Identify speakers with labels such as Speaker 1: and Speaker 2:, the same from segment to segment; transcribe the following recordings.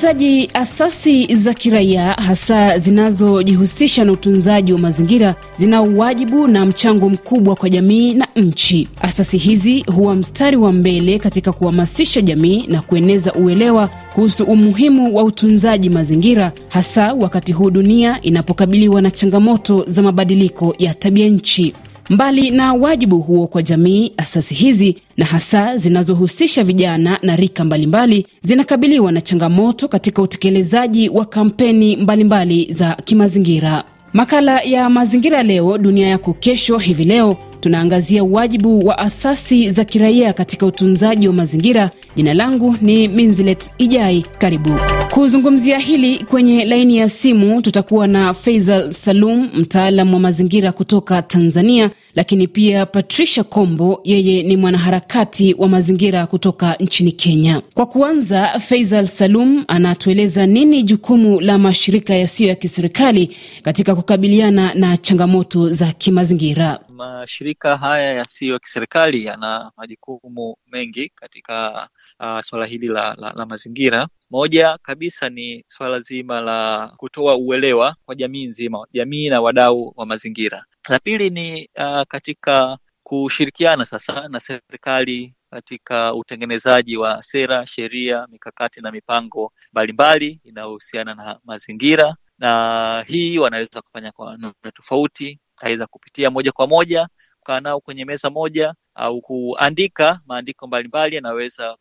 Speaker 1: Msikilizaji, asasi za kiraia hasa zinazojihusisha na utunzaji wa mazingira zina uwajibu na mchango mkubwa kwa jamii na nchi. Asasi hizi huwa mstari wa mbele katika kuhamasisha jamii na kueneza uelewa kuhusu umuhimu wa utunzaji mazingira, hasa wakati huu dunia inapokabiliwa na changamoto za mabadiliko ya tabia nchi. Mbali na wajibu huo kwa jamii, asasi hizi na hasa zinazohusisha vijana na rika mbalimbali zinakabiliwa na changamoto katika utekelezaji wa kampeni mbalimbali mbali za kimazingira. Makala ya Mazingira Leo Dunia Yako Kesho hivi leo tunaangazia wajibu wa asasi za kiraia katika utunzaji wa mazingira. Jina langu ni Minzilet Ijai, karibu kuzungumzia hili. Kwenye laini ya simu tutakuwa na Faisal Salum, mtaalam wa mazingira kutoka Tanzania, lakini pia Patricia Kombo, yeye ni mwanaharakati wa mazingira kutoka nchini Kenya. Kwa kuanza, Faisal Salum anatueleza nini jukumu la mashirika yasiyo ya kiserikali katika kukabiliana na changamoto za kimazingira
Speaker 2: mashirika haya yasiyo ya kiserikali yana majukumu mengi katika uh, suala hili la, la, la mazingira. Moja kabisa ni suala zima la kutoa uelewa kwa jamii nzima, jamii na wadau wa mazingira. La pili ni uh, katika kushirikiana sasa na serikali katika utengenezaji wa sera, sheria, mikakati na mipango mbalimbali inayohusiana na mazingira na hii wanaweza kufanya kwa namna tofauti, aidha kupitia moja kwa moja, kukaa nao kwenye meza moja au kuandika maandiko mbalimbali yanaweza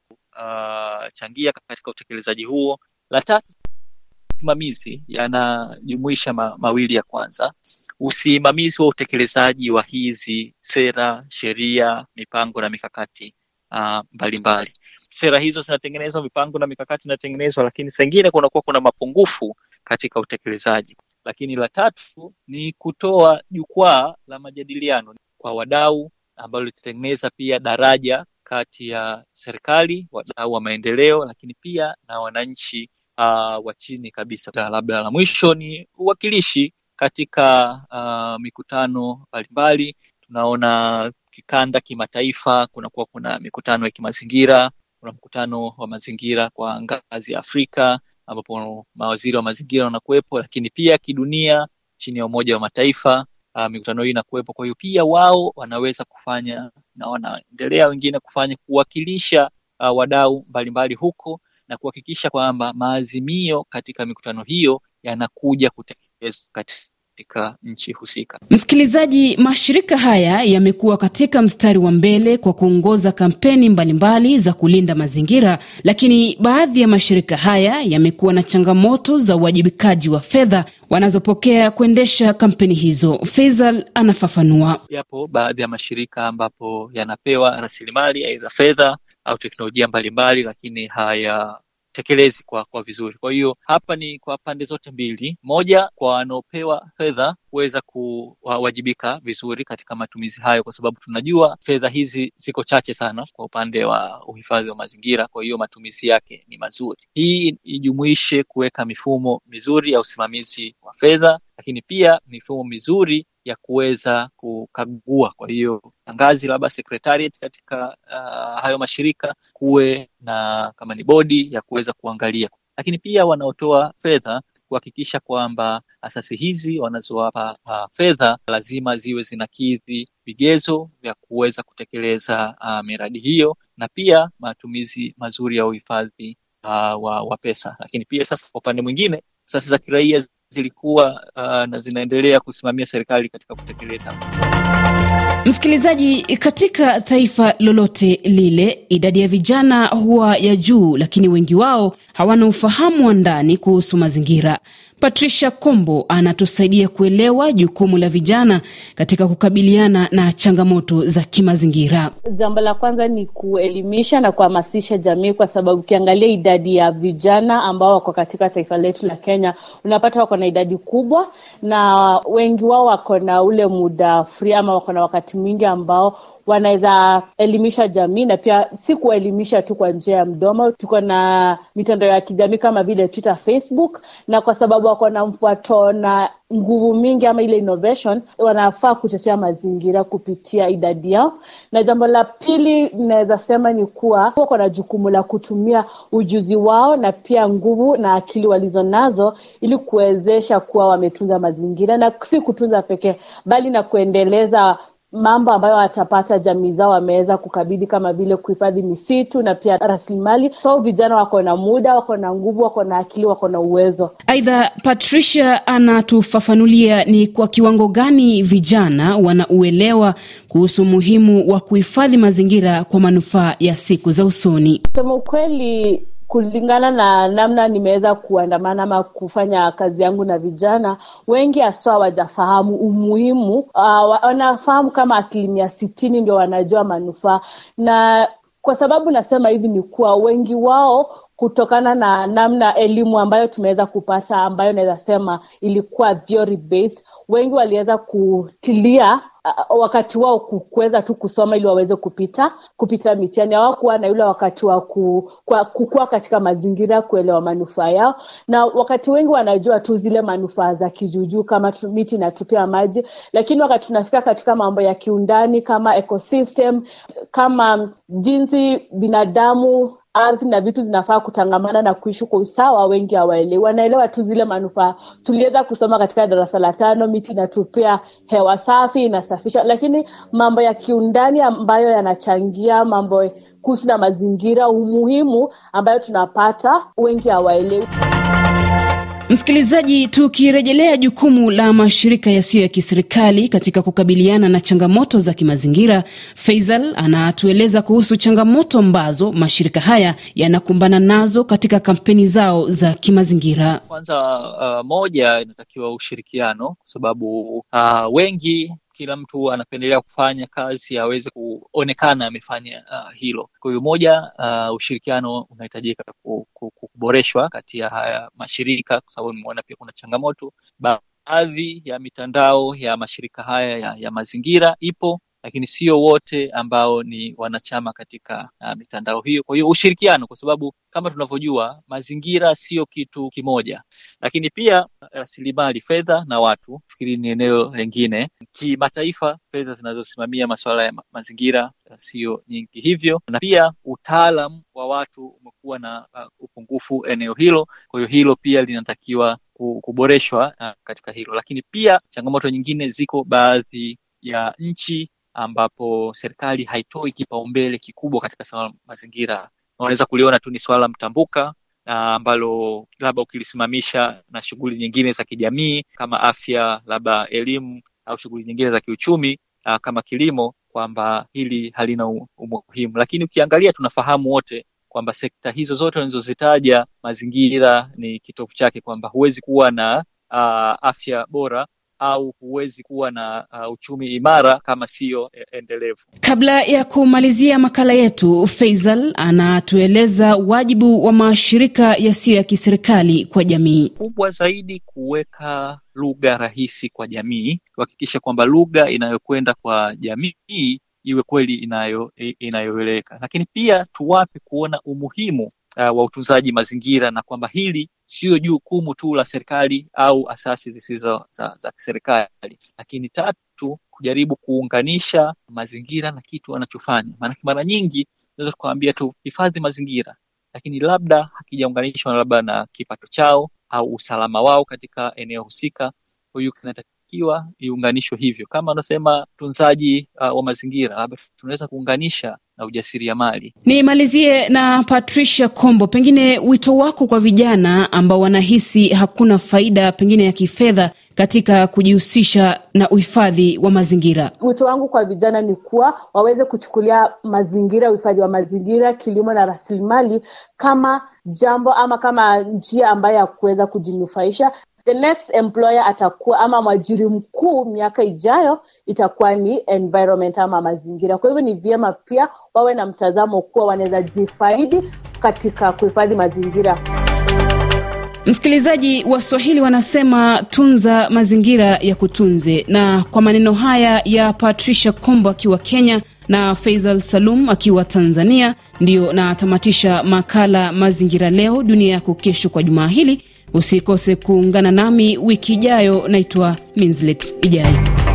Speaker 2: kuchangia uh, katika utekelezaji huo. La tatu, usimamizi yanajumuisha ma, mawili ya kwanza usimamizi wa utekelezaji wa hizi sera, sheria, mipango na mikakati mbalimbali uh, mbalimbali Sera hizo zinatengenezwa, mipango na mikakati inatengenezwa, lakini sengine kunakuwa kuna mapungufu katika utekelezaji. Lakini la tatu ni kutoa jukwaa la majadiliano kwa wadau ambalo litatengeneza pia daraja kati ya serikali, wadau wa maendeleo, lakini pia na wananchi uh, wa chini kabisa. Labda la mwisho ni uwakilishi katika uh, mikutano mbalimbali. Tunaona kikanda, kimataifa, kunakuwa kuna mikutano ya kimazingira, kuna mkutano wa mazingira kwa ngazi ya Afrika, ambapo mawaziri wa mazingira wanakuwepo, lakini pia kidunia chini ya Umoja wa Mataifa uh, mikutano hii inakuwepo. Kwa hiyo pia wao wanaweza kufanya na wanaendelea wengine kufanya kuwakilisha uh, wadau mbalimbali huko na kuhakikisha kwamba maazimio katika mikutano hiyo yanakuja kutekelezwa katika katika nchi husika.
Speaker 1: Msikilizaji, mashirika haya yamekuwa katika mstari wa mbele kwa kuongoza kampeni mbalimbali mbali za kulinda mazingira, lakini baadhi ya mashirika haya yamekuwa na changamoto za uwajibikaji wa fedha wanazopokea kuendesha kampeni hizo. Faisal anafafanua.
Speaker 2: Yapo baadhi ya mashirika ambapo yanapewa rasilimali, aidha fedha au teknolojia mbalimbali mbali, lakini haya tekelezi kwa, kwa vizuri. Kwa hiyo hapa ni kwa pande zote mbili, moja kwa wanaopewa fedha kuweza kuwajibika vizuri katika matumizi hayo, kwa sababu tunajua fedha hizi ziko chache sana kwa upande wa uhifadhi wa mazingira. Kwa hiyo matumizi yake ni mazuri. Hii ijumuishe kuweka mifumo mizuri ya usimamizi wa fedha, lakini pia mifumo mizuri ya kuweza kukagua. Kwa hiyo na ngazi labda secretariat katika uh, hayo mashirika kuwe na kama ni bodi ya kuweza kuangalia, lakini pia wanaotoa fedha kuhakikisha kwamba asasi hizi wanazowapa uh, fedha lazima ziwe zinakidhi vigezo vya kuweza kutekeleza uh, miradi hiyo na pia matumizi mazuri ya uhifadhi uh, wa, wa pesa. Lakini pia sasa, kwa upande mwingine, asasi za kiraia zilikuwa uh, na zinaendelea kusimamia serikali katika kutekeleza.
Speaker 1: Msikilizaji, katika taifa lolote lile, idadi ya vijana huwa ya juu, lakini wengi wao hawana ufahamu wa ndani kuhusu mazingira. Patricia Kombo anatusaidia kuelewa jukumu la vijana katika kukabiliana na changamoto za kimazingira.
Speaker 3: Jambo la kwanza ni kuelimisha na kuhamasisha jamii, kwa sababu ukiangalia idadi ya vijana ambao wako katika taifa letu la Kenya, unapata wako na idadi kubwa, na wengi wao wako na ule muda free ama wako na wakati mwingi ambao wanaweza elimisha jamii, na pia si kuwaelimisha tu kwa njia ya mdomo. Tuko na mitandao ya kijamii kama vile Twitter, Facebook, na kwa sababu wako na mfuato na nguvu mingi ama ile innovation, wanafaa kutetea mazingira kupitia idadi yao. Na jambo la pili naweza sema ni kuwa wako na jukumu la kutumia ujuzi wao na pia nguvu na akili walizonazo ili kuwezesha kuwa wametunza mazingira, na si kutunza pekee, bali na kuendeleza mambo ambayo watapata jamii zao wameweza kukabidhi kama vile kuhifadhi misitu na pia rasilimali. So vijana wako na muda, wako na nguvu, wako na akili, wako na uwezo.
Speaker 1: Aidha, Patricia anatufafanulia ni kwa kiwango gani vijana wanauelewa kuhusu umuhimu wa kuhifadhi mazingira kwa manufaa ya siku za usoni.
Speaker 3: Sema ukweli, kulingana na namna nimeweza kuandamana ama kufanya kazi yangu na vijana wengi, haswa wajafahamu umuhimu uh, wanafahamu kama asilimia sitini ndio wanajua manufaa, na kwa sababu nasema hivi ni kuwa wengi wao kutokana na namna elimu ambayo tumeweza kupata ambayo naweza sema ilikuwa theory based, wengi waliweza kutilia wakati wao kuweza tu kusoma ili waweze kupita kupita mitihani. Hawakuwa na yule wakati wa kukua katika mazingira kuelewa manufaa yao, na wakati wengi wanajua tu zile manufaa za kijuujuu kama miti inatupia maji, lakini wakati tunafika katika mambo ya kiundani kama ecosystem, kama jinsi binadamu ardhi na vitu zinafaa kutangamana na kuishi kwa usawa, wengi hawaelewi, wanaelewa tu zile manufaa. Tuliweza kusoma katika darasa la tano, miti inatupea hewa safi, inasafisha, lakini mambo ya kiundani ambayo yanachangia mambo kuhusu na mazingira, umuhimu ambayo tunapata, wengi hawaelewi.
Speaker 1: Msikilizaji, tukirejelea jukumu la mashirika yasiyo ya kiserikali katika kukabiliana na changamoto za kimazingira, Faisal anatueleza kuhusu changamoto ambazo mashirika haya yanakumbana nazo katika kampeni zao za kimazingira.
Speaker 2: Kwanza uh, moja inatakiwa ushirikiano, kwa sababu uh, wengi kila mtu anapendelea kufanya kazi aweze kuonekana amefanya uh, hilo. Kwa hiyo moja, uh, ushirikiano unahitajika kuboreshwa kati ya haya mashirika, kwa sababu nimeona pia kuna changamoto baadhi ya mitandao ya mashirika haya ya, ya mazingira ipo lakini sio wote ambao ni wanachama katika uh, mitandao hiyo. Kwa hiyo ushirikiano, kwa sababu kama tunavyojua mazingira sio kitu kimoja, lakini pia uh, rasilimali fedha na watu, fikiri ni eneo lingine. Kimataifa, fedha zinazosimamia masuala ya ma mazingira uh, sio nyingi hivyo, na pia utaalam wa watu umekuwa na uh, upungufu eneo hilo. Kwa hiyo hilo pia linatakiwa kuboreshwa uh, katika hilo, lakini pia changamoto nyingine ziko baadhi ya nchi ambapo serikali haitoi kipaumbele kikubwa katika swala la mazingira. Unaweza kuliona tu ni swala mtambuka ambalo labda ukilisimamisha na shughuli nyingine za kijamii kama afya, labda elimu au shughuli nyingine za kiuchumi a, ah, kama kilimo, kwamba hili halina umuhimu. Lakini ukiangalia, tunafahamu wote kwamba sekta hizo zote unazozitaja mazingira ni kitovu chake, kwamba huwezi kuwa na a, ah, afya bora au huwezi kuwa na uh, uchumi imara kama siyo e, endelevu.
Speaker 1: Kabla ya kumalizia makala yetu, Faisal anatueleza wajibu wa mashirika yasiyo ya kiserikali kwa jamii. Kubwa
Speaker 2: zaidi kuweka lugha rahisi kwa jamii, kuhakikisha kwamba lugha inayokwenda kwa jamii iwe kweli inayo lakini pia tuwape kuona umuhimu uh, wa utunzaji mazingira na kwamba hili sio jukumu tu la serikali au asasi zisizo za, za kiserikali. Lakini tatu, kujaribu kuunganisha mazingira na kitu anachofanya, maanake mara nyingi unaweza tukawambia tu hifadhi mazingira, lakini labda hakijaunganishwa labda na kipato chao au usalama wao katika eneo husika. kwahiyo kinatakiwa iunganishwe hivyo, kama anasema utunzaji uh, wa mazingira, labda tunaweza kuunganisha na ujasiriamali.
Speaker 1: Nimalizie na Patricia Kombo, pengine wito wako kwa vijana ambao wanahisi hakuna faida pengine ya kifedha katika kujihusisha na uhifadhi wa mazingira.
Speaker 3: Wito wangu kwa vijana ni kuwa waweze kuchukulia mazingira, uhifadhi wa mazingira, kilimo na rasilimali kama jambo ama kama njia ambayo ya kuweza kujinufaisha the next employer atakuwa ama mwajiri mkuu miaka ijayo itakuwa ni environment ama mazingira. Kwa hivyo ni vyema pia wawe na mtazamo kuwa wanaweza jifaidi katika kuhifadhi mazingira.
Speaker 1: Msikilizaji, wa swahili wanasema tunza mazingira ya kutunze. Na kwa maneno haya ya Patricia combo akiwa Kenya na Faisal Salum akiwa Tanzania, ndiyo natamatisha makala Mazingira Leo Dunia Yako Kesho kwa jumaa hili. Usikose kuungana nami wiki ijayo. Naitwa Minslet Ijai.